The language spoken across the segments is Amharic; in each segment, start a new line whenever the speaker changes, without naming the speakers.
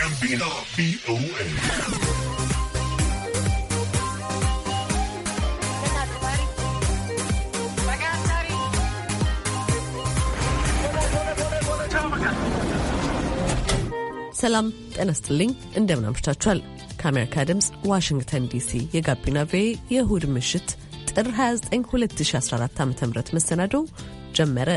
ጋቢና ቪኦኤ
ሰላም ጤና ይስጥልኝ። እንደምን አምሽታችኋል? ከአሜሪካ ድምፅ ዋሽንግተን ዲሲ የጋቢና ቪኦኤ የእሁድ ምሽት ጥር 29 2014 ዓ ም መሰናዶው ጀመረ።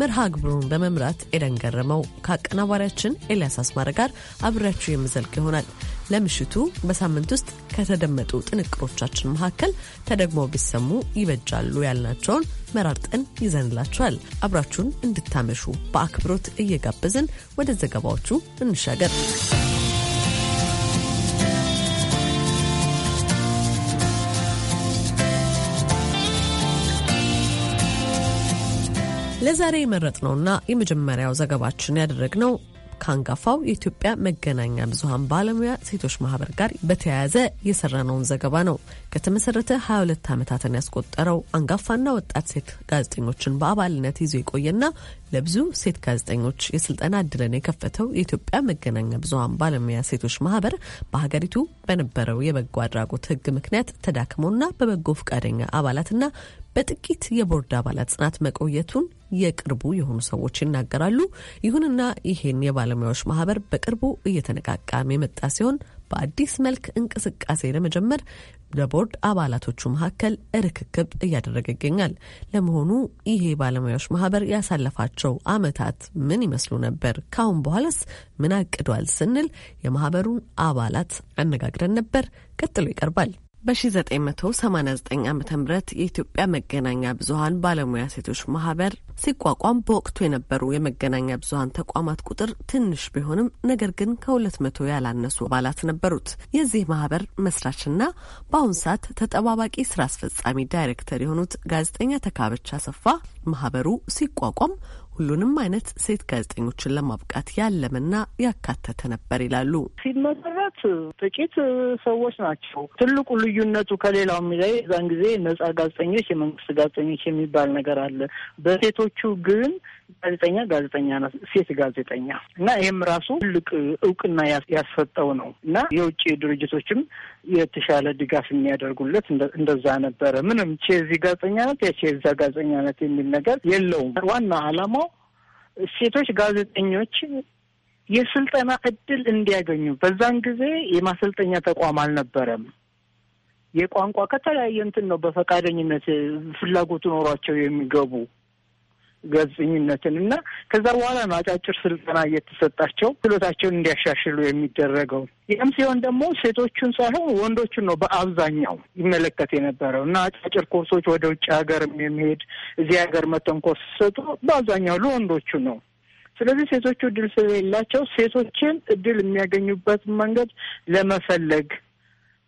መርሃ ግብሩን በመምራት ኤደን ገረመው ከአቀናባሪያችን ኤልያስ አስማረ ጋር አብሬያችሁ የምዘልቅ ይሆናል። ለምሽቱ በሳምንት ውስጥ ከተደመጡ ጥንቅሮቻችን መካከል ተደግሞ ቢሰሙ ይበጃሉ ያልናቸውን መራርጠን ይዘንላችኋል። አብራችሁን እንድታመሹ በአክብሮት እየጋበዝን ወደ ዘገባዎቹ እንሻገር። ለዛሬ የመረጥነውና የመጀመሪያው ዘገባችን ያደረግነው ከአንጋፋው የኢትዮጵያ መገናኛ ብዙኃን ባለሙያ ሴቶች ማህበር ጋር በተያያዘ የሰራነውን ዘገባ ነው። ከተመሰረተ 22 ዓመታትን ያስቆጠረው አንጋፋና ወጣት ሴት ጋዜጠኞችን በአባልነት ይዞ የቆየና ለብዙ ሴት ጋዜጠኞች የስልጠና እድልን የከፈተው የኢትዮጵያ መገናኛ ብዙኃን ባለሙያ ሴቶች ማህበር በሀገሪቱ በነበረው የበጎ አድራጎት ሕግ ምክንያት ተዳክሞና በበጎ ፈቃደኛ አባላትና በጥቂት የቦርድ አባላት ጽናት መቆየቱን የቅርቡ የሆኑ ሰዎች ይናገራሉ። ይሁንና ይሄን የባለሙያዎች ማህበር በቅርቡ እየተነቃቃም የመጣ ሲሆን በአዲስ መልክ እንቅስቃሴ ለመጀመር ለቦርድ አባላቶቹ መካከል ርክክብ እያደረገ ይገኛል። ለመሆኑ ይሄ ባለሙያዎች ማህበር ያሳለፋቸው አመታት ምን ይመስሉ ነበር? ካሁን በኋላስ ምን አቅዷል? ስንል የማህበሩን አባላት አነጋግረን ነበር። ቀጥሎ ይቀርባል። በ1989 ዓ ም የኢትዮጵያ መገናኛ ብዙሀን ባለሙያ ሴቶች ማህበር ሲቋቋም በወቅቱ የነበሩ የመገናኛ ብዙሀን ተቋማት ቁጥር ትንሽ ቢሆንም ነገር ግን ከሁለት መቶ ያላነሱ አባላት ነበሩት። የዚህ ማህበር መስራችና በአሁን ሰዓት ተጠባባቂ ስራ አስፈጻሚ ዳይሬክተር የሆኑት ጋዜጠኛ ተካበቻ አሰፋ ማህበሩ ሲቋቋም ሁሉንም አይነት ሴት ጋዜጠኞችን ለማብቃት ያለምና ያካተተ ነበር ይላሉ።
ሲመሰረት ጥቂት ሰዎች ናቸው።
ትልቁ ልዩነቱ ከሌላው የሚለይ
እዛን ጊዜ ነጻ ጋዜጠኞች፣ የመንግስት ጋዜጠኞች የሚባል ነገር አለ። በሴቶቹ ግን ጋዜጠኛ ጋዜጠኛ ናት፣ ሴት ጋዜጠኛ እና ይህም ራሱ ትልቅ እውቅና ያስፈጠው ነው እና የውጭ ድርጅቶችም የተሻለ ድጋፍ የሚያደርጉለት እንደዛ ነበረ። ምንም ቼዚ ጋዜጠኛ ናት፣ የቼዛ ጋዜጠኛ ናት የሚል ነገር የለውም። ዋና አላማው ሴቶች ጋዜጠኞች የስልጠና እድል እንዲያገኙ። በዛን ጊዜ የማሰልጠኛ ተቋም አልነበረም። የቋንቋ ከተለያየ እንትን ነው በፈቃደኝነት ፍላጎቱ ኖሯቸው የሚገቡ ጋዜጠኝነትን እና ከዛ በኋላ ነው አጫጭር ስልጠና እየተሰጣቸው ችሎታቸውን እንዲያሻሽሉ የሚደረገው። ይህም ሲሆን ደግሞ ሴቶቹን ሳይሆን ወንዶቹን ነው በአብዛኛው ይመለከት የነበረው እና አጫጭር ኮርሶች ወደ ውጭ ሀገርም የሚሄድ እዚህ ሀገር መተን ኮርስ ሲሰጡ በአብዛኛው ለወንዶቹ ነው። ስለዚህ ሴቶቹ እድል ስለሌላቸው ሴቶችን እድል የሚያገኙበት መንገድ ለመፈለግ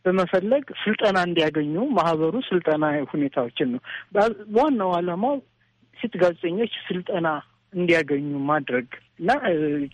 በመፈለግ ስልጠና እንዲያገኙ ማህበሩ ስልጠና ሁኔታዎችን ነው ዋናው አላማው ሴት ጋዜጠኞች ስልጠና እንዲያገኙ ማድረግ እና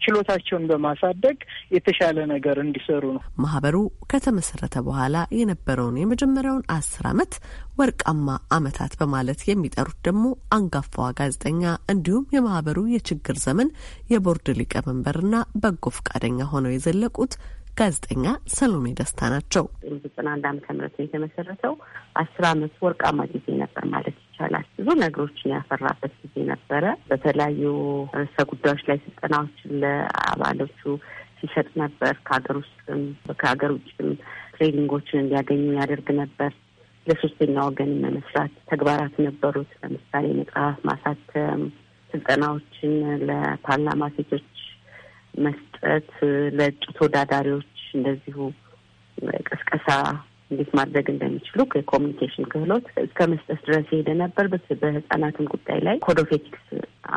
ችሎታቸውን በማሳደግ የተሻለ ነገር እንዲሰሩ ነው።
ማህበሩ ከተመሰረተ በኋላ የነበረውን የመጀመሪያውን አስር አመት ወርቃማ አመታት በማለት የሚጠሩት ደግሞ አንጋፋዋ ጋዜጠኛ እንዲሁም የማህበሩ የችግር ዘመን የቦርድ ሊቀመንበርና በጎ ፈቃደኛ ሆነው የዘለቁት ጋዜጠኛ ሰሎሜ ደስታ ናቸው።
ዘጠና አንድ አመተ ምህረት የተመሰረተው። አስር አመት ወርቃማ ጊዜ ነበር ማለት ይቻላል። ብዙ ነገሮችን ያፈራበት ጊዜ ነበረ። በተለያዩ ርዕሰ ጉዳዮች ላይ ስልጠናዎችን ለአባሎቹ ሲሰጥ ነበር። ከሀገር ውስጥም ከሀገር ውጭም ትሬኒንጎችን እንዲያገኙ ያደርግ ነበር። ለሶስተኛ ወገን መስራት ተግባራት ነበሩት። ለምሳሌ መጽሐፍ ማሳተም፣ ስልጠናዎችን ለፓርላማ ሴቶች መስጠት፣ ለእጩ ተወዳዳሪዎች እንደዚሁ ቅስቀሳ እንዴት ማድረግ እንደሚችሉ የኮሚኒኬሽን ክህሎት እስከ መስጠት ድረስ የሄደ ነበር። በህጻናትም ጉዳይ ላይ ኮድ ኦፍ ኤቲክስ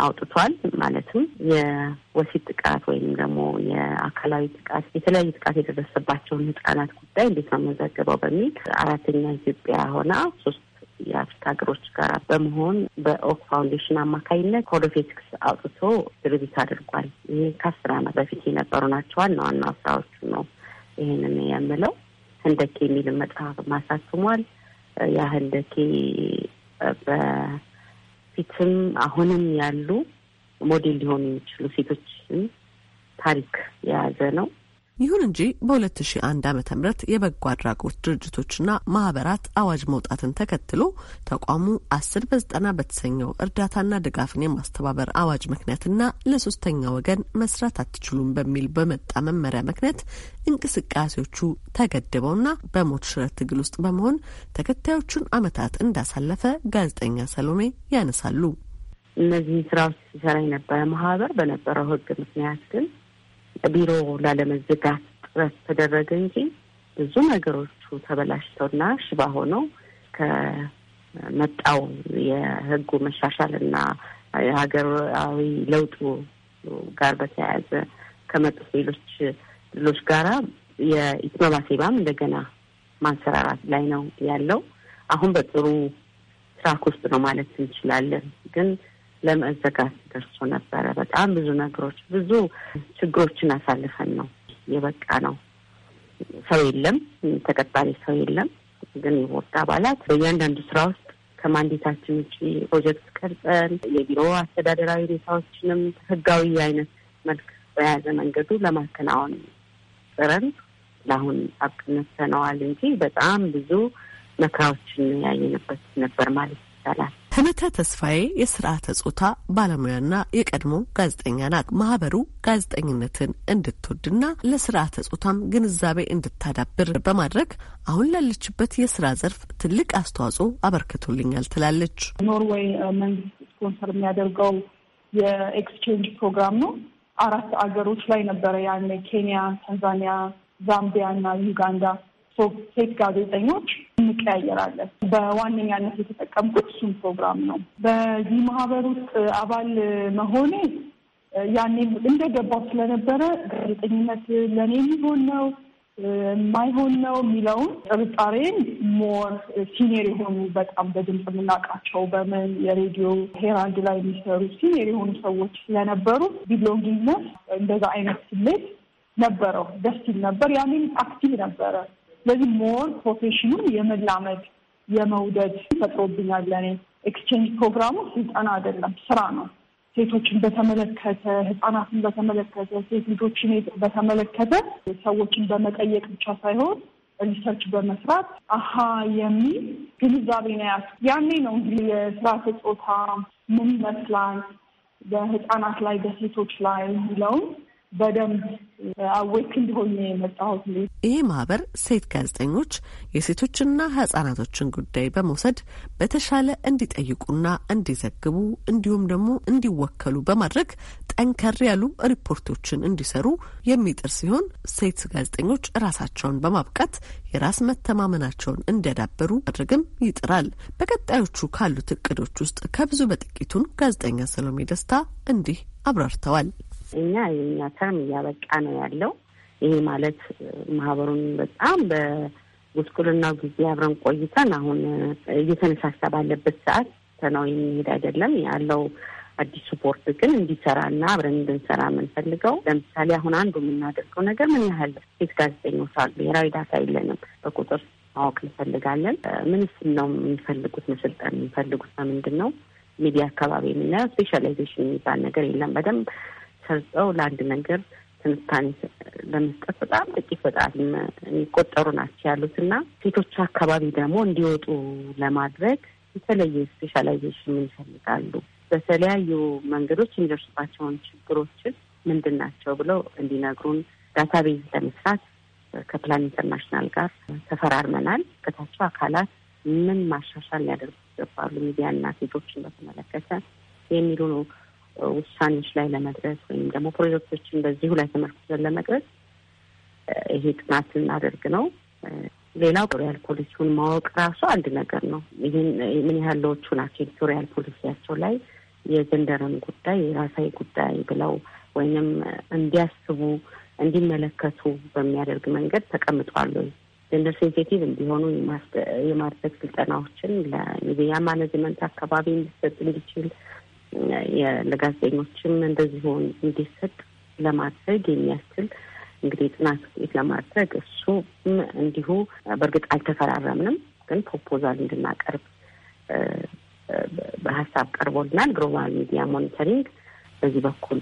አውጥቷል። ማለትም የወሲብ ጥቃት ወይም ደግሞ የአካላዊ ጥቃት፣ የተለያዩ ጥቃት የደረሰባቸውን ህጻናት ጉዳይ እንዴት ነው መዘገበው በሚል አራተኛ ኢትዮጵያ ሆና ሶስት የአፍሪካ ሀገሮች ጋር በመሆን በኦክ ፋውንዴሽን አማካኝነት ኮድ ኦፍ ኤቲክስ አውጥቶ ድርቢት አድርጓል። ይህ ከአስር ዓመት በፊት የነበሩ ናቸው። ዋና ዋና ስራዎቹ ነው ይህንን የምለው ህንደኬ የሚል መጽሐፍ ማሳትሟል። ያ ህንደኬ በፊትም አሁንም ያሉ
ሞዴል ሊሆኑ የሚችሉ ሴቶችን ታሪክ የያዘ ነው። ይሁን እንጂ በ2001 ዓ ም የበጎ አድራጎት ድርጅቶችና ማህበራት አዋጅ መውጣትን ተከትሎ ተቋሙ 10 በ በተሰኘው እርዳታና ድጋፍን የማስተባበር አዋጅ ምክንያትና ለሶስተኛ ወገን መስራት አትችሉም በሚል በመጣ መመሪያ ምክንያት እንቅስቃሴዎቹ ተገድበውና በሞት ሽረት ትግል ውስጥ በመሆን ተከታዮቹን አመታት እንዳሳለፈ ጋዜጠኛ ሰሎሜ ያነሳሉ። እነዚህ ስራዎች ሲሰራ የነበረ ማህበር በነበረው ህግ ምክንያት ግን ቢሮ ላለመዘጋት
ጥረት ተደረገ እንጂ ብዙ ነገሮቹ ተበላሽተውና ሽባ ሆነው ከመጣው የህጉ መሻሻል እና የሀገራዊ ለውጡ ጋር በተያያዘ ከመጡት ሌሎች ድሎች ጋራ የኢትመባ ሴባም እንደገና ማንሰራራት ላይ ነው ያለው። አሁን በጥሩ ትራክ ውስጥ ነው ማለት እንችላለን። ግን ለመዘጋት ደርሶ ነበረ። በጣም ብዙ ነገሮች ብዙ ችግሮችን አሳልፈን ነው የበቃ ነው። ሰው የለም፣ ተቀጣሪ ሰው የለም። ግን የቦርድ አባላት በእያንዳንዱ ስራ ውስጥ ከማንዴታችን ውጭ ፕሮጀክት ቀርጸን የቢሮ አስተዳደራዊ ሁኔታዎችንም ህጋዊ አይነት መልክ በያዘ መንገዱ ለማከናወን ጥረን ለአሁን አብቅነት ሰነዋል እንጂ በጣም ብዙ መከራዎችን ያየንበት ነበር ማለት ይቻላል።
ህመተ ተስፋዬ የስርዓተ ጾታ ባለሙያና የቀድሞ ጋዜጠኛ ናት። ማህበሩ ጋዜጠኝነትን እንድትወድና ለስርዓተ ጾታም ግንዛቤ እንድታዳብር በማድረግ አሁን ላለችበት የስራ ዘርፍ ትልቅ አስተዋጽኦ አበርክቶልኛል ትላለች። ኖርዌይ መንግስት ስፖንሰር የሚያደርገው
የኤክስቼንጅ ፕሮግራም ነው። አራት አገሮች ላይ ነበረ ያኔ ኬንያ፣ ታንዛኒያ፣ ዛምቢያ እና ዩጋንዳ ሶስት ሴት ጋዜጠኞች እንቀያየራለን። በዋነኛነት የተጠቀምኩት እሱም ፕሮግራም ነው። በዚህ ማህበር ውስጥ አባል መሆኔ ያኔ እንደገባው ስለነበረ ጋዜጠኝነት ለእኔ የሚሆን ነው የማይሆን ነው የሚለውን ጥርጣሬን ሞር ሲኒየር የሆኑ በጣም በድምፅ የምናውቃቸው በምን የሬዲዮ ሄራልድ ላይ የሚሰሩ ሲኒየር የሆኑ ሰዎች ስለነበሩ ቢሎንግነት እንደዛ አይነት ስሜት ነበረው። ደስ ይል ነበር። ያኔም አክቲቭ ነበረ ስለዚህ ሞር ፕሮፌሽኑን የመላመድ የመውደድ ፈጥሮብኛል። ለኔ ኤክስቼንጅ ፕሮግራሙ ስልጠና አይደለም፣ ስራ ነው። ሴቶችን በተመለከተ ህጻናትን በተመለከተ ሴት ልጆችን በተመለከተ ሰዎችን በመጠየቅ ብቻ ሳይሆን ሪሰርች በመስራት አሀ የሚል ግንዛቤ ነው። ያኔ ነው እንግዲህ የስርዓተ ጾታ ምን ይመስላል በህጻናት ላይ በሴቶች ላይ የሚለውን በደንብ
አዌክ uh, እንዲሆን የመጣሁት። ይህ ማህበር ሴት ጋዜጠኞች የሴቶችና ህጻናቶችን ጉዳይ በመውሰድ በተሻለ እንዲጠይቁና እንዲዘግቡ እንዲሁም ደግሞ እንዲወከሉ በማድረግ ጠንከር ያሉ ሪፖርቶችን እንዲሰሩ የሚጥር ሲሆን ሴት ጋዜጠኞች ራሳቸውን በማብቃት የራስ መተማመናቸውን እንዲያዳበሩ ማድረግም ይጥራል። በቀጣዮቹ ካሉት እቅዶች ውስጥ ከብዙ በጥቂቱን ጋዜጠኛ ሰሎሜ ደስታ እንዲህ አብራርተዋል።
እኛ የኛ ተርም እያበቃ ነው ያለው። ይሄ ማለት ማህበሩን በጣም በጉስቁልናው ጊዜ አብረን ቆይተን አሁን እየተነሳሳ ባለበት ሰዓት ተናው የሚሄድ አይደለም ያለው አዲስ ስፖርት ግን እንዲሰራና አብረን እንድንሰራ የምንፈልገው ለምሳሌ አሁን አንዱ የምናደርገው ነገር ምን ያህል ሴት ጋዜጠኞች አሉ? ብሔራዊ ዳታ የለንም። በቁጥር ማወቅ እንፈልጋለን። ምንስ ነው የሚፈልጉት? መሰልጠን የሚፈልጉት በምንድን ነው? ሚዲያ አካባቢ የምናየው ስፔሻላይዜሽን የሚባል ነገር የለም። በደንብ ሰርጸው ለአንድ ነገር ትንታኔ ለመስጠት በጣም ጥቂት በጣም የሚቆጠሩ ናቸው ያሉት እና ሴቶች አካባቢ ደግሞ እንዲወጡ ለማድረግ የተለየ ስፔሻላይዜሽን ይፈልጋሉ። በተለያዩ መንገዶች የሚደርሱባቸውን ችግሮችን ምንድን ናቸው ብለው እንዲነግሩን ዳታቤዝ ለመስራት ከፕላን ኢንተርናሽናል ጋር ተፈራርመናል። ከታቸው አካላት ምን ማሻሻል ሊያደርጉ ይገባሉ ሚዲያና ሴቶችን በተመለከተ የሚሉ ነው ውሳኔዎች ላይ ለመድረስ ወይም ደግሞ ፕሮጀክቶችን በዚሁ ላይ ተመርኩዘን ለመድረስ ይሄ ጥናት ስናደርግ ነው። ሌላው ሪያል ፖሊሲውን ማወቅ ራሱ አንድ ነገር ነው። ይህን ምን ያህል ሎቹ ናቸው ኤዲቶሪያል ፖሊሲያቸው ላይ የጀንደርን ጉዳይ የራሳዊ ጉዳይ ብለው ወይም እንዲያስቡ እንዲመለከቱ በሚያደርግ መንገድ ተቀምጧሉ። ጀንደር ሴንሴቲቭ እንዲሆኑ የማድረግ ስልጠናዎችን ለሚዲያ ማኔጅመንት አካባቢ እንዲሰጥ እንዲችል ለጋዜጠኞችም እንደዚህ እንዲሰጥ ለማድረግ የሚያስችል እንግዲህ ጥናት ውጤት ለማድረግ እሱ እንዲሁ በእርግጥ አልተፈራረምንም፣ ግን ፕሮፖዛል እንድናቀርብ በሀሳብ ቀርቦልናል። ግሎባል ሚዲያ ሞኒተሪንግ
በዚህ በኩል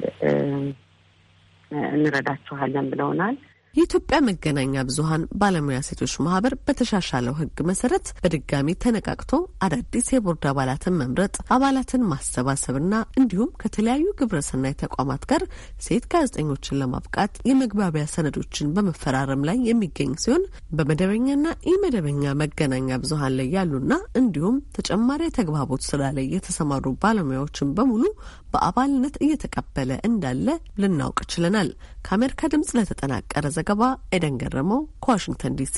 እንረዳችኋለን ብለውናል። የኢትዮጵያ መገናኛ ብዙኃን ባለሙያ ሴቶች ማህበር በተሻሻለው ሕግ መሰረት በድጋሚ ተነቃቅቶ አዳዲስ የቦርድ አባላትን መምረጥ፣ አባላትን ማሰባሰብና እንዲሁም ከተለያዩ ግብረሰናይ ተቋማት ጋር ሴት ጋዜጠኞችን ለማብቃት የመግባቢያ ሰነዶችን በመፈራረም ላይ የሚገኝ ሲሆን በመደበኛና ኢመደበኛ መገናኛ ብዙኃን ላይ ያሉና እንዲሁም ተጨማሪ የተግባቦት ስራ ላይ የተሰማሩ ባለሙያዎችን በሙሉ በአባልነት እየተቀበለ እንዳለ ልናውቅ ችለናል። ከአሜሪካ ድምጽ ለተጠናቀረ ዘገባ ኤደን ገረመው ከዋሽንግተን ዲሲ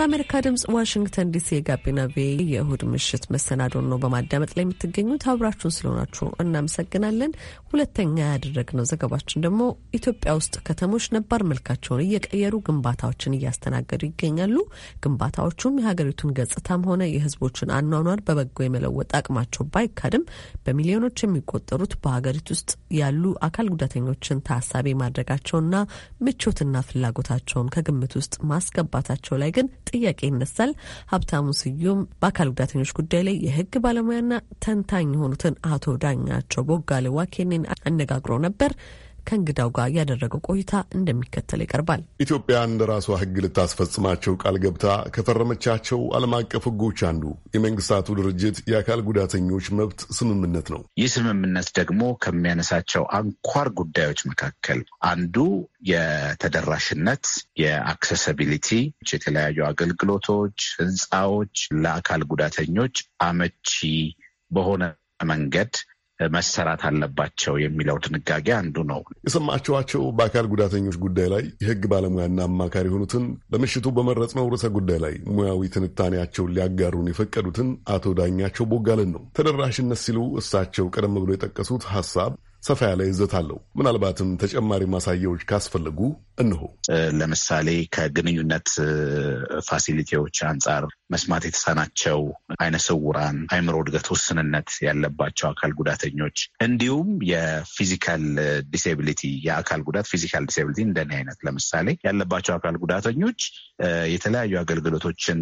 ከአሜሪካ ድምፅ ዋሽንግተን ዲሲ የጋቢና ቪ የእሁድ ምሽት መሰናዶን ነው በማዳመጥ ላይ የምትገኙት። አብራችሁን ስለሆናችሁ እናመሰግናለን። ሁለተኛ ያደረግነው ዘገባችን ደግሞ ኢትዮጵያ ውስጥ ከተሞች ነባር መልካቸውን እየቀየሩ ግንባታዎችን እያስተናገዱ ይገኛሉ። ግንባታዎቹም የሀገሪቱን ገጽታም ሆነ የህዝቦችን አኗኗር በበጎ የመለወጥ አቅማቸው ባይካድም በሚሊዮኖች የሚቆጠሩት በሀገሪቱ ውስጥ ያሉ አካል ጉዳተኞችን ታሳቢ ማድረጋቸውና ምቾትና ፍላጎታቸውን ከግምት ውስጥ ማስገባታቸው ላይ ግን ጥያቄ ይነሳል። ሀብታሙ ስዩም በአካል ጉዳተኞች ጉዳይ ላይ የህግ ባለሙያና ተንታኝ የሆኑትን አቶ ዳኛቸው ቦጋለ ዋኬኔን አነጋግሮ ነበር። ከእንግዳው ጋር ያደረገው ቆይታ እንደሚከተል ይቀርባል።
ኢትዮጵያ እንደ ራሷ ሕግ ልታስፈጽማቸው ቃል ገብታ ከፈረመቻቸው ዓለም አቀፍ ሕጎች አንዱ የመንግስታቱ ድርጅት የአካል ጉዳተኞች መብት ስምምነት ነው።
ይህ ስምምነት ደግሞ ከሚያነሳቸው አንኳር ጉዳዮች መካከል አንዱ የተደራሽነት፣ የአክሰሰቢሊቲ የተለያዩ አገልግሎቶች፣ ህንፃዎች ለአካል ጉዳተኞች አመቺ በሆነ መንገድ መሰራት አለባቸው የሚለው ድንጋጌ አንዱ ነው።
የሰማችኋቸው በአካል ጉዳተኞች ጉዳይ ላይ የህግ ባለሙያና አማካሪ የሆኑትን ለምሽቱ ነው ርዕሰ ጉዳይ ላይ ሙያዊ ትንታኔያቸውን ሊያጋሩን የፈቀዱትን አቶ ዳኛቸው ቦጋለን ነው። ተደራሽነት ሲሉ እሳቸው ቀደም ብሎ የጠቀሱት ሀሳብ ሰፋ ያለ ይዘት አለው። ምናልባትም ተጨማሪ ማሳያዎች ካስፈለጉ
እንሆ ለምሳሌ ከግንኙነት ፋሲሊቲዎች አንጻር መስማት የተሳናቸው፣ አይነ ስውራን፣ አይምሮ እድገት ውስንነት ያለባቸው አካል ጉዳተኞች እንዲሁም የፊዚካል ዲስኤቢሊቲ የአካል ጉዳት ፊዚካል ዲስኤቢሊቲ እንደኔ አይነት ለምሳሌ ያለባቸው አካል ጉዳተኞች የተለያዩ አገልግሎቶችን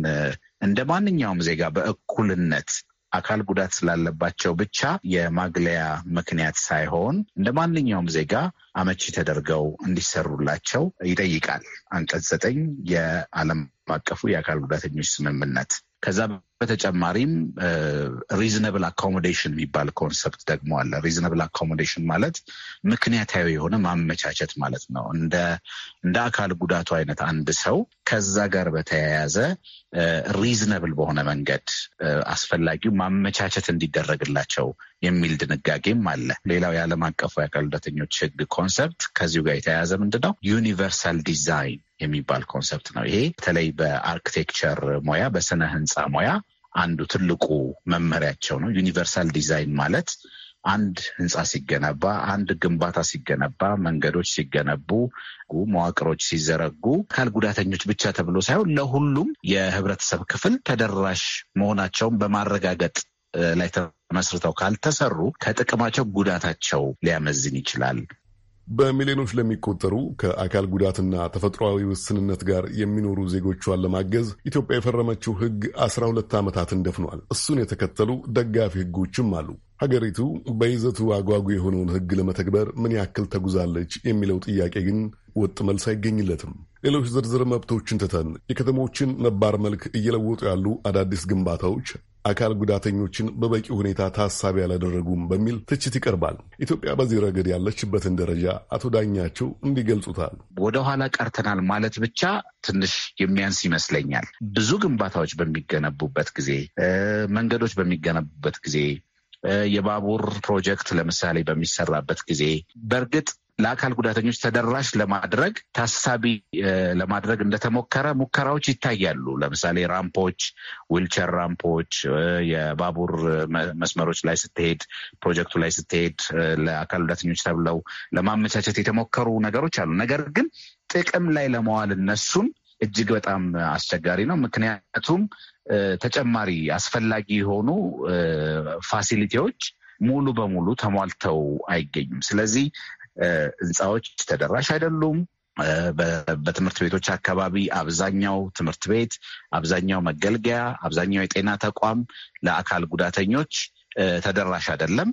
እንደ ማንኛውም ዜጋ በእኩልነት አካል ጉዳት ስላለባቸው ብቻ የማግለያ ምክንያት ሳይሆን እንደ ማንኛውም ዜጋ አመቺ ተደርገው እንዲሰሩላቸው ይጠይቃል። አንቀጽ ዘጠኝ የዓለም አቀፉ የአካል ጉዳተኞች ስምምነት ከዛ በተጨማሪም ሪዝነብል አኮሞዴሽን የሚባል ኮንሰፕት ደግሞ አለ። ሪዝነብል አኮሞዴሽን ማለት ምክንያታዊ የሆነ ማመቻቸት ማለት ነው። እንደ አካል ጉዳቱ አይነት አንድ ሰው ከዛ ጋር በተያያዘ ሪዝነብል በሆነ መንገድ አስፈላጊው ማመቻቸት እንዲደረግላቸው የሚል ድንጋጌም አለ። ሌላው የዓለም አቀፉ የአካል ጉዳተኞች ሕግ ኮንሰፕት ከዚሁ ጋር የተያያዘ ምንድን ነው ዩኒቨርሳል ዲዛይን የሚባል ኮንሰፕት ነው። ይሄ በተለይ በአርክቴክቸር ሙያ፣ በስነ ህንፃ ሙያ አንዱ ትልቁ መመሪያቸው ነው። ዩኒቨርሳል ዲዛይን ማለት አንድ ህንፃ ሲገነባ፣ አንድ ግንባታ ሲገነባ፣ መንገዶች ሲገነቡ፣ መዋቅሮች ሲዘረጉ አካል ጉዳተኞች ብቻ ተብሎ ሳይሆን ለሁሉም የህብረተሰብ ክፍል ተደራሽ መሆናቸውን በማረጋገጥ ላይ ተመስርተው ካልተሰሩ ከጥቅማቸው ጉዳታቸው ሊያመዝን ይችላል።
በሚሊዮኖች ለሚቆጠሩ ከአካል ጉዳትና ተፈጥሯዊ ውስንነት ጋር የሚኖሩ ዜጎቿን ለማገዝ ኢትዮጵያ የፈረመችው ሕግ ሁለት ዓመታትን ደፍኗል። እሱን የተከተሉ ደጋፊ ሕጎችም አሉ። ሀገሪቱ በይዘቱ አጓጉ የሆነውን ሕግ ለመተግበር ምን ያክል ተጉዛለች የሚለው ጥያቄ ግን ወጥ መልስ አይገኝለትም። ሌሎች ዝርዝር መብቶችን ትተን የከተሞችን ነባር መልክ እየለወጡ ያሉ አዳዲስ ግንባታዎች አካል ጉዳተኞችን በበቂ ሁኔታ ታሳቢ አላደረጉም በሚል ትችት ይቀርባል። ኢትዮጵያ በዚህ ረገድ ያለችበትን ደረጃ አቶ ዳኛቸው እንዲገልጹታል።
ወደኋላ ቀርተናል ማለት ብቻ ትንሽ የሚያንስ ይመስለኛል። ብዙ ግንባታዎች በሚገነቡበት ጊዜ፣ መንገዶች በሚገነቡበት ጊዜ፣ የባቡር ፕሮጀክት ለምሳሌ በሚሰራበት ጊዜ በእርግጥ ለአካል ጉዳተኞች ተደራሽ ለማድረግ ታሳቢ ለማድረግ እንደተሞከረ ሙከራዎች ይታያሉ። ለምሳሌ ራምፖች፣ ዊልቸር ራምፖች የባቡር መስመሮች ላይ ስትሄድ፣ ፕሮጀክቱ ላይ ስትሄድ ለአካል ጉዳተኞች ተብለው ለማመቻቸት የተሞከሩ ነገሮች አሉ። ነገር ግን ጥቅም ላይ ለመዋል እነሱን እጅግ በጣም አስቸጋሪ ነው። ምክንያቱም ተጨማሪ አስፈላጊ የሆኑ ፋሲሊቲዎች ሙሉ በሙሉ ተሟልተው አይገኙም። ስለዚህ ህንፃዎች ተደራሽ አይደሉም። በትምህርት ቤቶች አካባቢ አብዛኛው ትምህርት ቤት፣ አብዛኛው መገልገያ፣ አብዛኛው የጤና ተቋም ለአካል ጉዳተኞች ተደራሽ አይደለም።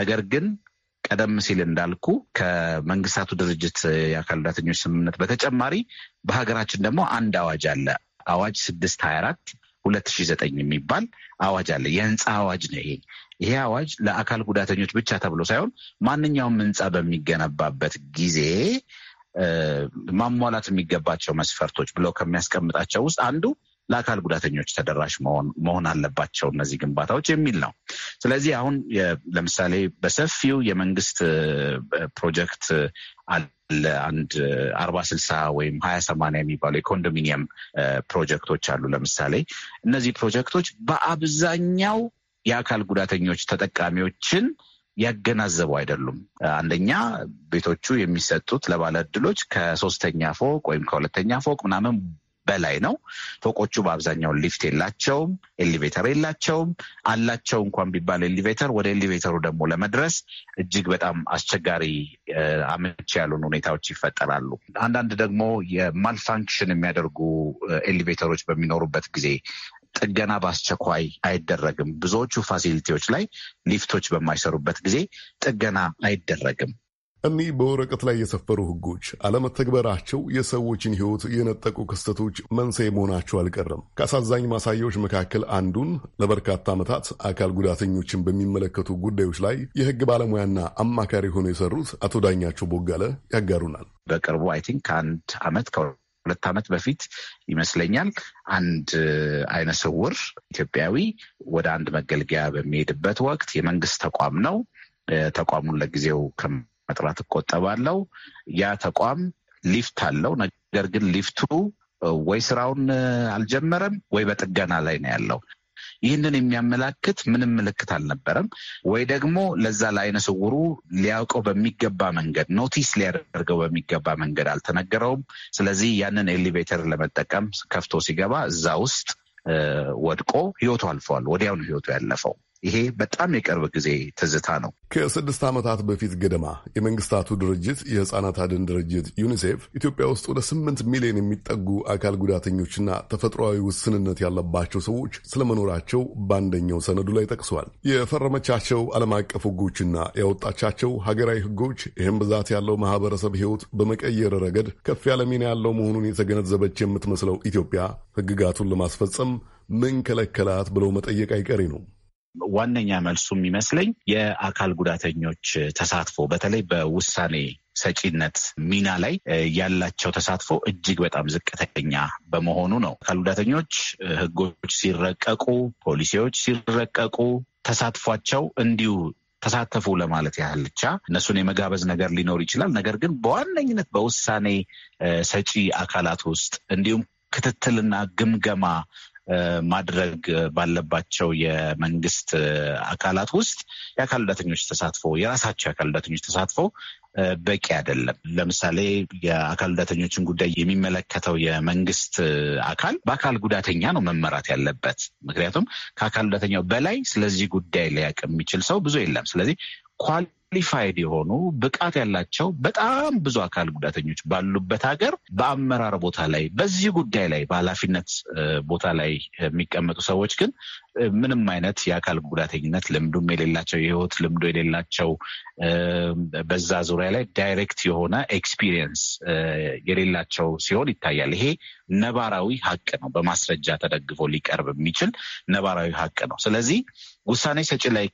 ነገር ግን ቀደም ሲል እንዳልኩ ከመንግስታቱ ድርጅት የአካል ጉዳተኞች ስምምነት በተጨማሪ በሀገራችን ደግሞ አንድ አዋጅ አለ። አዋጅ ስድስት ሀያ አራት ሁለት ሺ ዘጠኝ የሚባል አዋጅ አለ። የህንፃ አዋጅ ነው ይሄ ይሄ አዋጅ ለአካል ጉዳተኞች ብቻ ተብሎ ሳይሆን ማንኛውም ህንፃ በሚገነባበት ጊዜ ማሟላት የሚገባቸው መስፈርቶች ብለው ከሚያስቀምጣቸው ውስጥ አንዱ ለአካል ጉዳተኞች ተደራሽ መሆን አለባቸው እነዚህ ግንባታዎች የሚል ነው። ስለዚህ አሁን ለምሳሌ በሰፊው የመንግስት ፕሮጀክት አለ። አንድ አርባ ስልሳ ወይም ሀያ ሰማንያ የሚባሉ የኮንዶሚኒየም ፕሮጀክቶች አሉ። ለምሳሌ እነዚህ ፕሮጀክቶች በአብዛኛው የአካል ጉዳተኞች ተጠቃሚዎችን ያገናዘቡ አይደሉም። አንደኛ ቤቶቹ የሚሰጡት ለባለ ከሶስተኛ ፎቅ ወይም ከሁለተኛ ፎቅ ምናምን በላይ ነው። ፎቆቹ በአብዛኛው ሊፍት የላቸውም፣ ኤሊቬተር የላቸውም። አላቸው እንኳን ቢባል ኤሊቬተር ወደ ኤሊቬተሩ ደግሞ ለመድረስ እጅግ በጣም አስቸጋሪ፣ አመቺ ያሉን ሁኔታዎች ይፈጠራሉ። አንዳንድ ደግሞ የማልፋንክሽን የሚያደርጉ ኤሊቬተሮች በሚኖሩበት ጊዜ ጥገና በአስቸኳይ አይደረግም። ብዙዎቹ ፋሲሊቲዎች ላይ ሊፍቶች በማይሰሩበት ጊዜ ጥገና አይደረግም።
እኒህ በወረቀት ላይ የሰፈሩ ሕጎች አለመተግበራቸው የሰዎችን ሕይወት የነጠቁ ክስተቶች መንስኤ መሆናቸው አልቀረም። ከአሳዛኝ ማሳያዎች መካከል አንዱን ለበርካታ ዓመታት አካል ጉዳተኞችን በሚመለከቱ ጉዳዮች ላይ የሕግ ባለሙያና አማካሪ ሆነው የሰሩት አቶ ዳኛቸው ቦጋለ ያጋሩናል። በቅርቡ አይ ቲንክ ከአንድ ዓመት ሁለት ዓመት በፊት ይመስለኛል
አንድ አይነ ስውር ኢትዮጵያዊ ወደ አንድ መገልገያ በሚሄድበት ወቅት የመንግስት ተቋም ነው። ተቋሙን ለጊዜው ከመጥራት እቆጠባለው ያ ተቋም ሊፍት አለው። ነገር ግን ሊፍቱ ወይ ስራውን አልጀመረም ወይ በጥገና ላይ ነው ያለው። ይህንን የሚያመላክት ምንም ምልክት አልነበረም። ወይ ደግሞ ለዛ ለአይነ ስውሩ ሊያውቀው በሚገባ መንገድ ኖቲስ ሊያደርገው በሚገባ መንገድ አልተነገረውም። ስለዚህ ያንን ኤሊቬተር ለመጠቀም ከፍቶ ሲገባ እዛ ውስጥ ወድቆ ህይወቱ አልፈዋል። ወዲያውኑ ህይወቱ ያለፈው ይሄ በጣም የቅርብ ጊዜ ትዝታ ነው።
ከስድስት ዓመታት በፊት ገደማ የመንግስታቱ ድርጅት የህፃናት አድን ድርጅት ዩኒሴፍ ኢትዮጵያ ውስጥ ወደ ስምንት ሚሊዮን የሚጠጉ አካል ጉዳተኞችና ተፈጥሯዊ ውስንነት ያለባቸው ሰዎች ስለመኖራቸው በአንደኛው ሰነዱ ላይ ጠቅሷል። የፈረመቻቸው ዓለም አቀፍ ህጎችና ያወጣቻቸው ሀገራዊ ህጎች ይህም ብዛት ያለው ማህበረሰብ ህይወት በመቀየር ረገድ ከፍ ያለ ሚና ያለው መሆኑን የተገነዘበች የምትመስለው ኢትዮጵያ ህግጋቱን ለማስፈጸም ምን ከለከላት ብለው መጠየቅ አይቀሬ ነው።
ዋነኛ መልሱ የሚመስለኝ የአካል ጉዳተኞች ተሳትፎ በተለይ በውሳኔ ሰጪነት ሚና ላይ ያላቸው ተሳትፎ እጅግ በጣም ዝቅተኛ በመሆኑ ነው። አካል ጉዳተኞች ሕጎች ሲረቀቁ፣ ፖሊሲዎች ሲረቀቁ ተሳትፏቸው እንዲሁ ተሳተፉ ለማለት ያህል ብቻ እነሱን የመጋበዝ ነገር ሊኖር ይችላል። ነገር ግን በዋነኝነት በውሳኔ ሰጪ አካላት ውስጥ እንዲሁም ክትትልና ግምገማ ማድረግ ባለባቸው የመንግስት አካላት ውስጥ የአካል ጉዳተኞች ተሳትፎ የራሳቸው የአካል ጉዳተኞች ተሳትፎ በቂ አይደለም። ለምሳሌ የአካል ጉዳተኞችን ጉዳይ የሚመለከተው የመንግስት አካል በአካል ጉዳተኛ ነው መመራት ያለበት። ምክንያቱም ከአካል ጉዳተኛው በላይ ስለዚህ ጉዳይ ሊያውቅ የሚችል ሰው ብዙ የለም። ስለዚህ ኳሊፋይድ የሆኑ ብቃት ያላቸው በጣም ብዙ አካል ጉዳተኞች ባሉበት ሀገር በአመራር ቦታ ላይ በዚህ ጉዳይ ላይ በኃላፊነት ቦታ ላይ የሚቀመጡ ሰዎች ግን ምንም አይነት የአካል ጉዳተኝነት ልምዱም የሌላቸው የህይወት ልምዱ የሌላቸው በዛ ዙሪያ ላይ ዳይሬክት የሆነ ኤክስፒሪየንስ የሌላቸው ሲሆን ይታያል። ይሄ ነባራዊ ሀቅ ነው። በማስረጃ ተደግፎ ሊቀርብ የሚችል ነባራዊ ሀቅ ነው። ስለዚህ ውሳኔ ሰጪ ላይ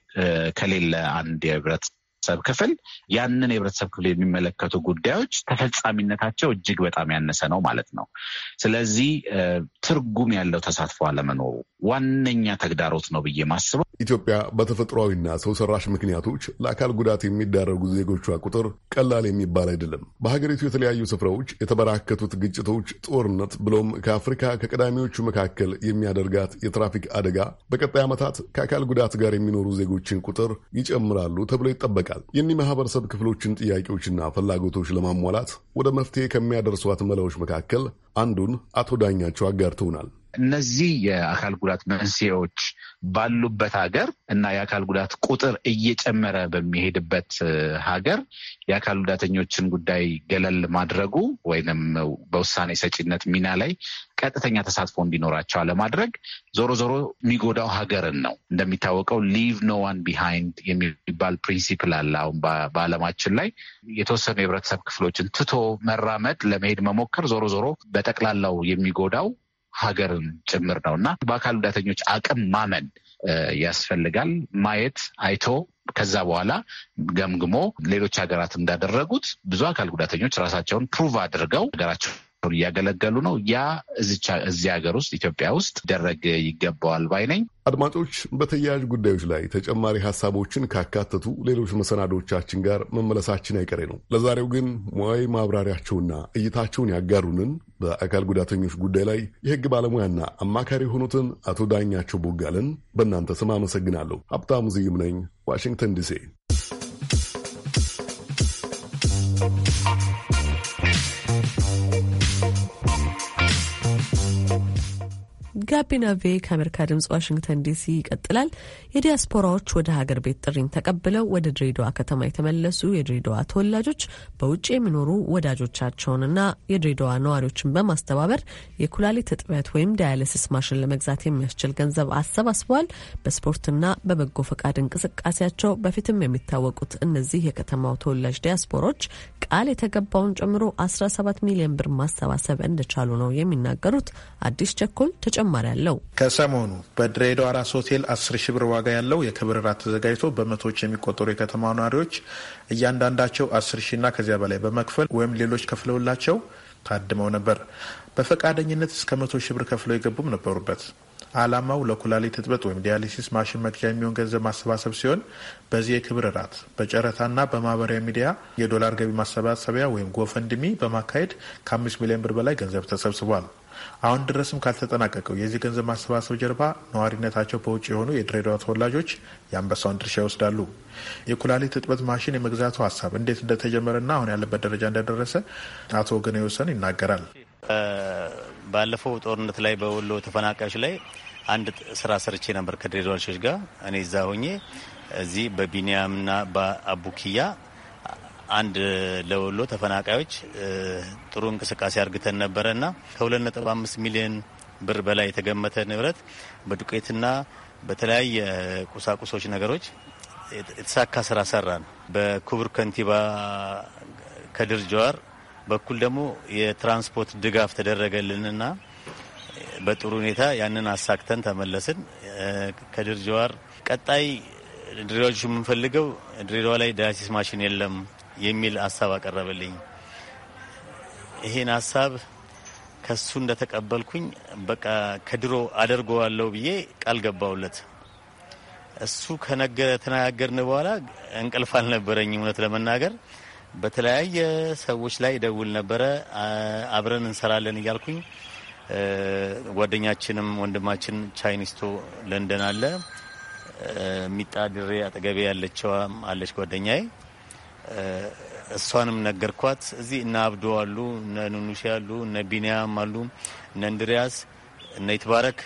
ከሌለ አንድ የህብረት የህብረተሰብ ክፍል ያንን የህብረተሰብ ክፍል የሚመለከቱ ጉዳዮች ተፈጻሚነታቸው እጅግ በጣም ያነሰ ነው ማለት ነው። ስለዚህ ትርጉም ያለው ተሳትፎ አለመኖሩ ዋነኛ ተግዳሮት ነው ብዬ ማስበው።
ኢትዮጵያ በተፈጥሯዊና ሰው ሰራሽ ምክንያቶች ለአካል ጉዳት የሚዳረጉ ዜጎቿ ቁጥር ቀላል የሚባል አይደለም። በሀገሪቱ የተለያዩ ስፍራዎች የተበራከቱት ግጭቶች፣ ጦርነት ብሎም ከአፍሪካ ከቀዳሚዎቹ መካከል የሚያደርጋት የትራፊክ አደጋ በቀጣይ ዓመታት ከአካል ጉዳት ጋር የሚኖሩ ዜጎችን ቁጥር ይጨምራሉ ተብሎ ይጠበቃል። ይጠይቃል። የኒህ ማህበረሰብ ክፍሎችን ጥያቄዎችና ፍላጎቶች ለማሟላት ወደ መፍትሄ ከሚያደርሷት መላዎች መካከል አንዱን አቶ ዳኛቸው አጋርተውናል።
እነዚህ የአካል ጉዳት መንስኤዎች ባሉበት ሀገር እና የአካል ጉዳት ቁጥር እየጨመረ በሚሄድበት ሀገር የአካል ጉዳተኞችን ጉዳይ ገለል ማድረጉ ወይም በውሳኔ ሰጪነት ሚና ላይ ቀጥተኛ ተሳትፎ እንዲኖራቸው አለማድረግ ዞሮ ዞሮ የሚጎዳው ሀገርን ነው። እንደሚታወቀው ሊቭ ኖ ዋን ቢሃይንድ የሚባል ፕሪንሲፕል አለ። አሁን በዓለማችን ላይ የተወሰኑ የህብረተሰብ ክፍሎችን ትቶ መራመድ ለመሄድ መሞከር ዞሮ ዞሮ በጠቅላላው የሚጎዳው ሀገርን ጭምር ነው እና በአካል ጉዳተኞች አቅም ማመን ያስፈልጋል። ማየት አይቶ ከዛ በኋላ ገምግሞ ሌሎች ሀገራት እንዳደረጉት ብዙ አካል ጉዳተኞች ራሳቸውን ፕሩቭ አድርገው ሀገራቸው እያገለገሉ ነው። ያ እዚህ ሀገር ውስጥ ኢትዮጵያ ውስጥ ደረግ ይገባዋል ባይ ነኝ።
አድማጮች፣ በተያያዥ ጉዳዮች ላይ ተጨማሪ ሀሳቦችን ካካተቱ ሌሎች መሰናዶቻችን ጋር መመለሳችን አይቀሬ ነው። ለዛሬው ግን ሙያዊ ማብራሪያቸውና እይታቸውን ያጋሩንን በአካል ጉዳተኞች ጉዳይ ላይ የህግ ባለሙያና አማካሪ የሆኑትን አቶ ዳኛቸው ቦጋለን በእናንተ ስም አመሰግናለሁ። ሀብታሙ ዝይም ነኝ፣ ዋሽንግተን ዲሲ።
ጋቢና ቬ ከአሜሪካ ድምጽ ዋሽንግተን ዲሲ ይቀጥላል። የዲያስፖራዎች ወደ ሀገር ቤት ጥሪን ተቀብለው ወደ ድሬዳዋ ከተማ የተመለሱ የድሬዳዋ ተወላጆች በውጭ የሚኖሩ ወዳጆቻቸውንና የድሬዳዋ ነዋሪዎችን በማስተባበር የኩላሊት እጥበት ወይም ዳያልስስ ማሽን ለመግዛት የሚያስችል ገንዘብ አሰባስበዋል። በስፖርትና በበጎ ፈቃድ እንቅስቃሴያቸው በፊትም የሚታወቁት እነዚህ የከተማው ተወላጅ ዲያስፖራዎች ቃል የተገባውን ጨምሮ 17 ሚሊዮን ብር ማሰባሰብ እንደቻሉ ነው የሚናገሩት። አዲስ ቸኮል ተጨማሪ ጭማሪ ያለው።
ከሰሞኑ በድሬዳዋ ራስ ሆቴል አስር ሺ ብር ዋጋ ያለው የክብር ራት ተዘጋጅቶ በመቶዎች የሚቆጠሩ የከተማ ነዋሪዎች እያንዳንዳቸው አስር ሺና ከዚያ በላይ በመክፈል ወይም ሌሎች ከፍለውላቸው ታድመው ነበር። በፈቃደኝነት እስከ መቶ ሺ ብር ከፍለው የገቡም ነበሩበት። ዓላማው ለኩላሊት እጥበት ወይም ዲያሊሲስ ማሽን መግዣ የሚሆን ገንዘብ ማሰባሰብ ሲሆን በዚህ የክብር እራት በጨረታና በማህበራዊ ሚዲያ የዶላር ገቢ ማሰባሰቢያ ወይም ጎፈንድሚ በማካሄድ ከአምስት ሚሊዮን ብር በላይ ገንዘብ ተሰብስቧል። አሁን ድረስም ካልተጠናቀቀው የዚህ ገንዘብ ማሰባሰብ ጀርባ ነዋሪነታቸው በውጭ የሆኑ የድሬዳዋ ተወላጆች የአንበሳውን ድርሻ ይወስዳሉ። የኩላሊት እጥበት ማሽን የመግዛቱ ሀሳብ እንዴት እንደተጀመረና አሁን ያለበት ደረጃ እንደደረሰ አቶ ወገነ ወሰን ይናገራል።
ባለፈው ጦርነት ላይ በወሎ ተፈናቃዮች ላይ አንድ ስራ ሰርቼ ነበር ከድሬዳዋ ልጆች ጋር እኔ እዛ ሆኜ እዚህ በቢኒያምና በአቡኪያ አንድ ለወሎ ተፈናቃዮች ጥሩ እንቅስቃሴ አርግተን ነበረና ከ2.5 ሚሊዮን ብር በላይ የተገመተ ንብረት በዱቄትና በተለያየ ቁሳቁሶች ነገሮች የተሳካ ስራ ሰራን። በክቡር ከንቲባ ከድር ጀዋር በኩል ደግሞ የትራንስፖርት ድጋፍ ተደረገልንና በጥሩ ሁኔታ ያንን አሳክተን ተመለስን። ከድር ጀዋር ቀጣይ ድሬዳዎች የምንፈልገው ድሬዳዋ ላይ ዳያሲስ ማሽን የለም፣ የሚል ሀሳብ አቀረበልኝ። ይሄን ሀሳብ ከሱ እንደተቀበልኩኝ በቃ ከድሮ አደርገዋለሁ ብዬ ቃል ገባውለት። እሱ ከነገረ ተነጋገርን በኋላ እንቅልፍ አልነበረኝ። እውነት ለመናገር በተለያየ ሰዎች ላይ ደውል ነበረ። አብረን እንሰራለን እያልኩኝ ጓደኛችንም ወንድማችን ቻይኒስቶ ለንደን አለ። ሚጣ ድሬ አጠገቤ ያለችዋ አለች ጓደኛዬ እሷንም ነገርኳት። እዚህ እነ አብዶ አሉ፣ እነ ኑኑሽ አሉ፣ እነ ቢንያም አሉ፣ እነ እንድሪያስ፣ እነ ይትባረክ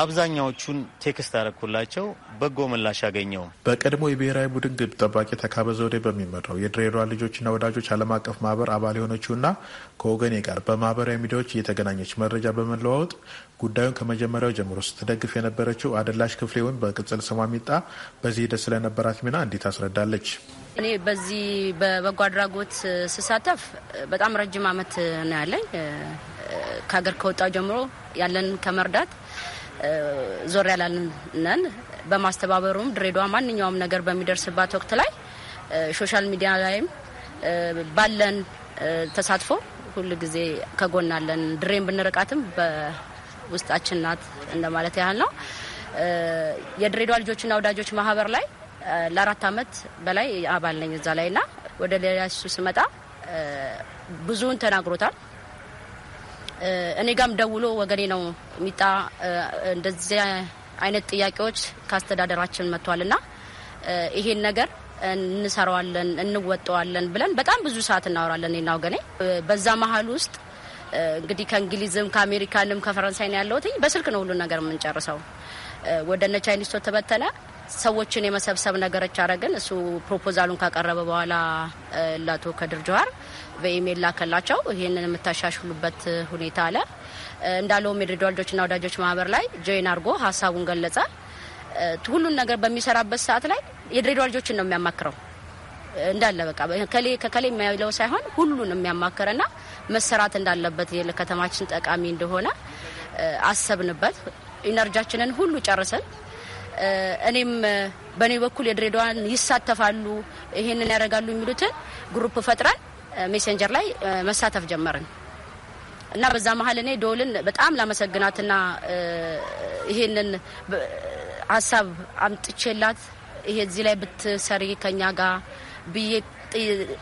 አብዛኛዎቹን ቴክስት አረኩላቸው። በጎ ምላሽ አገኘው።
በቀድሞ የብሔራዊ ቡድን ግብ ጠባቂ ተካበዘ ወደ በሚመራው የድሬዳዋ ልጆችና ወዳጆች ዓለም አቀፍ ማህበር አባል የሆነችውና ከወገኔ ጋር በማህበራዊ ሚዲያዎች እየተገናኘች መረጃ በመለዋወጥ ጉዳዩን ከመጀመሪያው ጀምሮ ስትደግፍ የነበረችው አደላሽ ክፍሌ ወይም በቅጽል ስሟ ሚጣ በዚህ ሂደት ስለነበራት ሚና እንዲህ አስረዳለች።
እኔ በዚህ በበጎ አድራጎት ስሳተፍ በጣም ረጅም ዓመት ነው ያለኝ። ከሀገር ከወጣው ጀምሮ ያለን ከመርዳት ዞር ያላልን ነን። በማስተባበሩም ድሬዳዋ ማንኛውም ነገር በሚደርስባት ወቅት ላይ ሶሻል ሚዲያ ላይም ባለን ተሳትፎ ሁል ጊዜ ከጎናለን። ድሬን ብንርቃትም በውስጣችን ናት እንደማለት ያህል ነው። የድሬዳዋ ልጆችና ወዳጆች ማህበር ላይ ለአራት አመት በላይ አባል ነኝ እዛ ላይ ና ወደ ሌላ ሱ ስመጣ ብዙውን ተናግሮታል። እኔ ጋም ደውሎ ወገኔ ነው ሚጣ እንደዚህ አይነት ጥያቄዎች ከአስተዳደራችን መጥቷል ና ይሄን ነገር እንሰራዋለን እንወጠዋለን ብለን በጣም ብዙ ሰዓት እናወራለን ና ወገኔ በዛ መሀል ውስጥ እንግዲህ ከእንግሊዝም ከአሜሪካንም ከፈረንሳይ ነው ያለሁት። በስልክ ነው ሁሉን ነገር የምንጨርሰው። ወደ እነ ቻይኒስቶ ተበተነ። ሰዎችን የመሰብሰብ ነገሮች አረግን። እሱ ፕሮፖዛሉን ካቀረበ በኋላ ላቶ ከድር ጆሀር በኢሜይል ላከላቸው ይህንን የምታሻሽሉበት ሁኔታ አለ። እንዳለውም የድሬዳዋ ልጆችና ወዳጆች ማህበር ላይ ጆይን አድርጎ ሀሳቡን ገለጸ። ሁሉን ነገር በሚሰራበት ሰዓት ላይ የድሬዳዋ ልጆችን ነው የሚያማክረው እንዳለ በቃ ከከሌ የሚያለው ሳይሆን ሁሉን የሚያማክርና መሰራት እንዳለበት ለከተማችን ጠቃሚ እንደሆነ አሰብንበት። ኢነርጃችንን ሁሉ ጨርሰን እኔም በእኔ በኩል የድሬዳዋን ይሳተፋሉ፣ ይሄንን ያደርጋሉ የሚሉትን ግሩፕ ፈጥረን ሜሴንጀር ላይ መሳተፍ ጀመርን እና በዛ መሀል እኔ ዶልን በጣም ላመሰግናትና ይሄንን ሀሳብ አምጥቼላት ይሄ እዚህ ላይ ብትሰሪ ከኛ ጋር ብዬ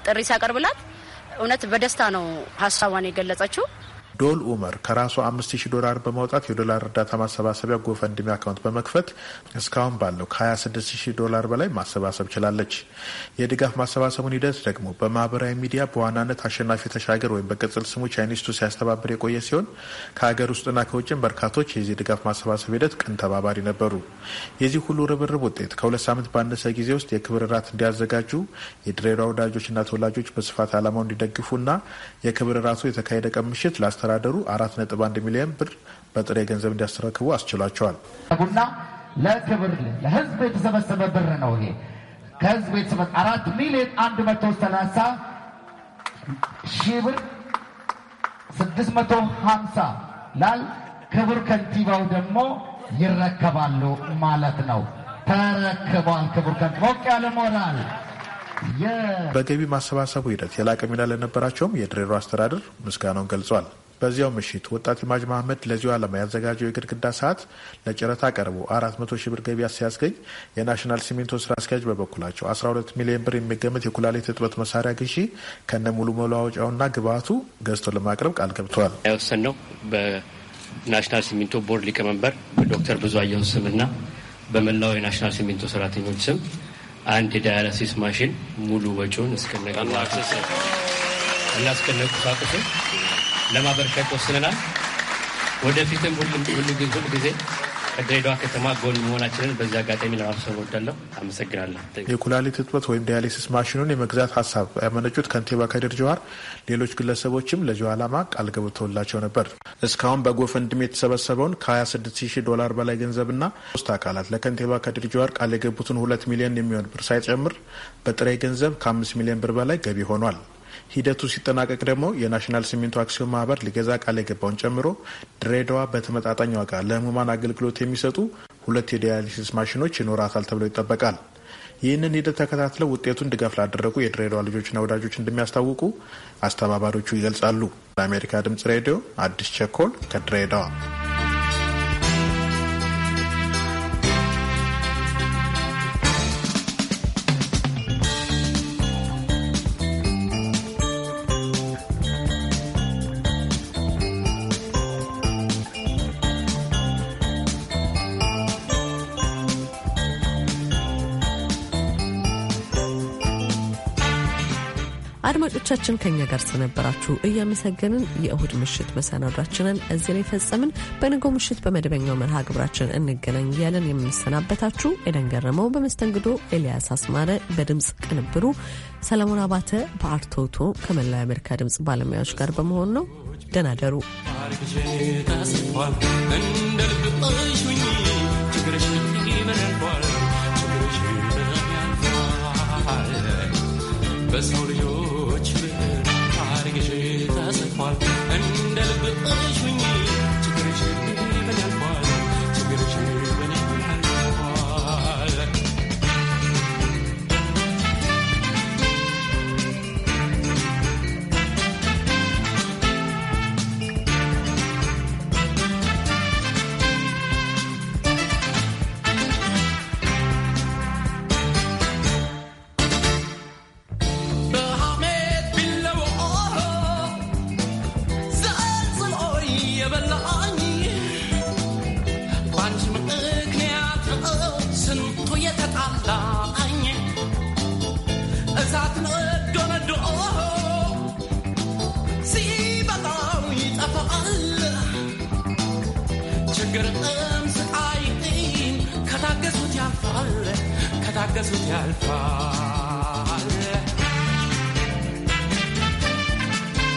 ጥሪ ሲያቀርብላት እውነት በደስታ ነው ሀሳቧን የገለጸችው።
ዶል ኡመር ከራሱ አምስት ሺህ ዶላር በማውጣት የዶላር እርዳታ ማሰባሰቢያ ጎፈንድሜ አካውንት በመክፈት እስካሁን ባለው ከ26 ሺህ ዶላር በላይ ማሰባሰብ ችላለች። የድጋፍ ማሰባሰቡን ሂደት ደግሞ በማህበራዊ ሚዲያ በዋናነት አሸናፊ ተሻገር ወይም በቅጽል ስሙ ቻይኒስቱ ሲያስተባብር የቆየ ሲሆን ከሀገር ውስጥና ከውጭም በርካቶች የዚህ ድጋፍ ማሰባሰብ ሂደት ቅን ተባባሪ ነበሩ። የዚህ ሁሉ ርብርብ ውጤት ከሁለት ሳምንት ባነሰ ጊዜ ውስጥ የክብር እራት እንዲያዘጋጁ የድሬዳዋ ወዳጆችና ተወላጆች በስፋት ዓላማው እንዲደግፉና የክብር እራቱ የተካሄደ ቀን ምሽት አስተዳደሩ አራት ነጥብ ሚሊዮን ብር በጥሬ ገንዘብ እንዲያስተረክቡ አስችሏቸዋል።
ቡና ለክብር ለህዝብ የተሰበሰበ ብር ነው። ይሄ
ከህዝብ የተሰበ አራት ሚሊዮን አንድ መቶ ሰላሳ ሺህ ብር ስድስት መቶ ሀምሳ ላል ክብር ከንቲባው ደግሞ ይረከባሉ ማለት ነው። ተረክቧል። ክቡር ከንቲባ ሞቅ ያለ ሞራል
በገቢ ማሰባሰቡ ሂደት የላቀ ሚና ለነበራቸውም የድሬሮ አስተዳደር ምስጋናውን ገልጿል። በዚያው ምሽት ወጣት ልማጅ ማህመድ ለዚሁ ዓላማ ያዘጋጀው የግድግዳ ሰዓት ለጨረታ ቀርቦ አራት መቶ ሺህ ብር ገቢ ሲያስገኝ የናሽናል ሲሚንቶ ስራ አስኪያጅ በበኩላቸው 12 ሚሊዮን ብር የሚገመት የኩላሊት እጥበት መሳሪያ ግዢ ከነ ሙሉ መለዋወጫውና ግብአቱ ገዝቶ ለማቅረብ ቃል ገብተዋል።
የወሰንነው በናሽናል ሲሚንቶ ቦርድ ሊቀመንበር በዶክተር ብዙ አየሁ ስምና በመላው የናሽናል ሲሚንቶ ሰራተኞች ስም አንድ የዳያላሲስ ማሽን ሙሉ ወጪውን እስከነ እና እስከነ ለማበርከት ወስነናል። ወደፊትም ሁሉ ጊዜ ከድሬዳዋ ከተማ ጎን መሆናችንን በዚህ አጋጣሚ ለማብሰር ወዳለሁ። አመሰግናለሁ።
የኩላሊት እጥበት ወይም ዲያሊሲስ ማሽኑን የመግዛት ሀሳብ ያመነጩት ከንቲባ ከድር ጀዋር ሌሎች ግለሰቦችም ለዚሁ ዓላማ ቃል ገብተውላቸው ነበር። እስካሁን በጎፈንድም የተሰበሰበውን ከ26000 ዶላር በላይ ገንዘብና ሶስት አካላት ለከንቲባ ከድር ጀዋር ቃል የገቡትን ሁለት ሚሊዮን የሚሆን ብር ሳይጨምር በጥሬ ገንዘብ ከአምስት ሚሊዮን ብር በላይ ገቢ ሆኗል። ሂደቱ ሲጠናቀቅ ደግሞ የናሽናል ሲሚንቶ አክሲዮን ማህበር ሊገዛ ቃል የገባውን ጨምሮ ድሬዳዋ በተመጣጣኝ ዋጋ ለህሙማን አገልግሎት የሚሰጡ ሁለት የዲያሊሲስ ማሽኖች ይኖራታል ተብሎ ይጠበቃል። ይህንን ሂደት ተከታትለው ውጤቱን ድጋፍ ላደረጉ የድሬዳዋ ልጆችና ወዳጆች እንደሚያስታውቁ አስተባባሪዎቹ ይገልጻሉ። ለአሜሪካ ድምጽ ሬዲዮ አዲስ ቸኮል ከድሬዳዋ
አድማጮቻችን ከኛ ጋር ስለነበራችሁ እያመሰገንን የእሁድ ምሽት መሰናዷችንን እዚህ ላይ ፈጸምን። በንጎ ምሽት በመደበኛው መርሃ ግብራችን እንገናኝ እያለን የምንሰናበታችሁ ኤደን ገረመው በመስተንግዶ፣ ኤልያስ አስማረ በድምፅ ቅንብሩ፣ ሰለሞን አባተ በአርቶቶ ከመላው የአሜሪካ ድምፅ ባለሙያዎች ጋር በመሆን ነው። ደህና ደሩ።
That's you
you.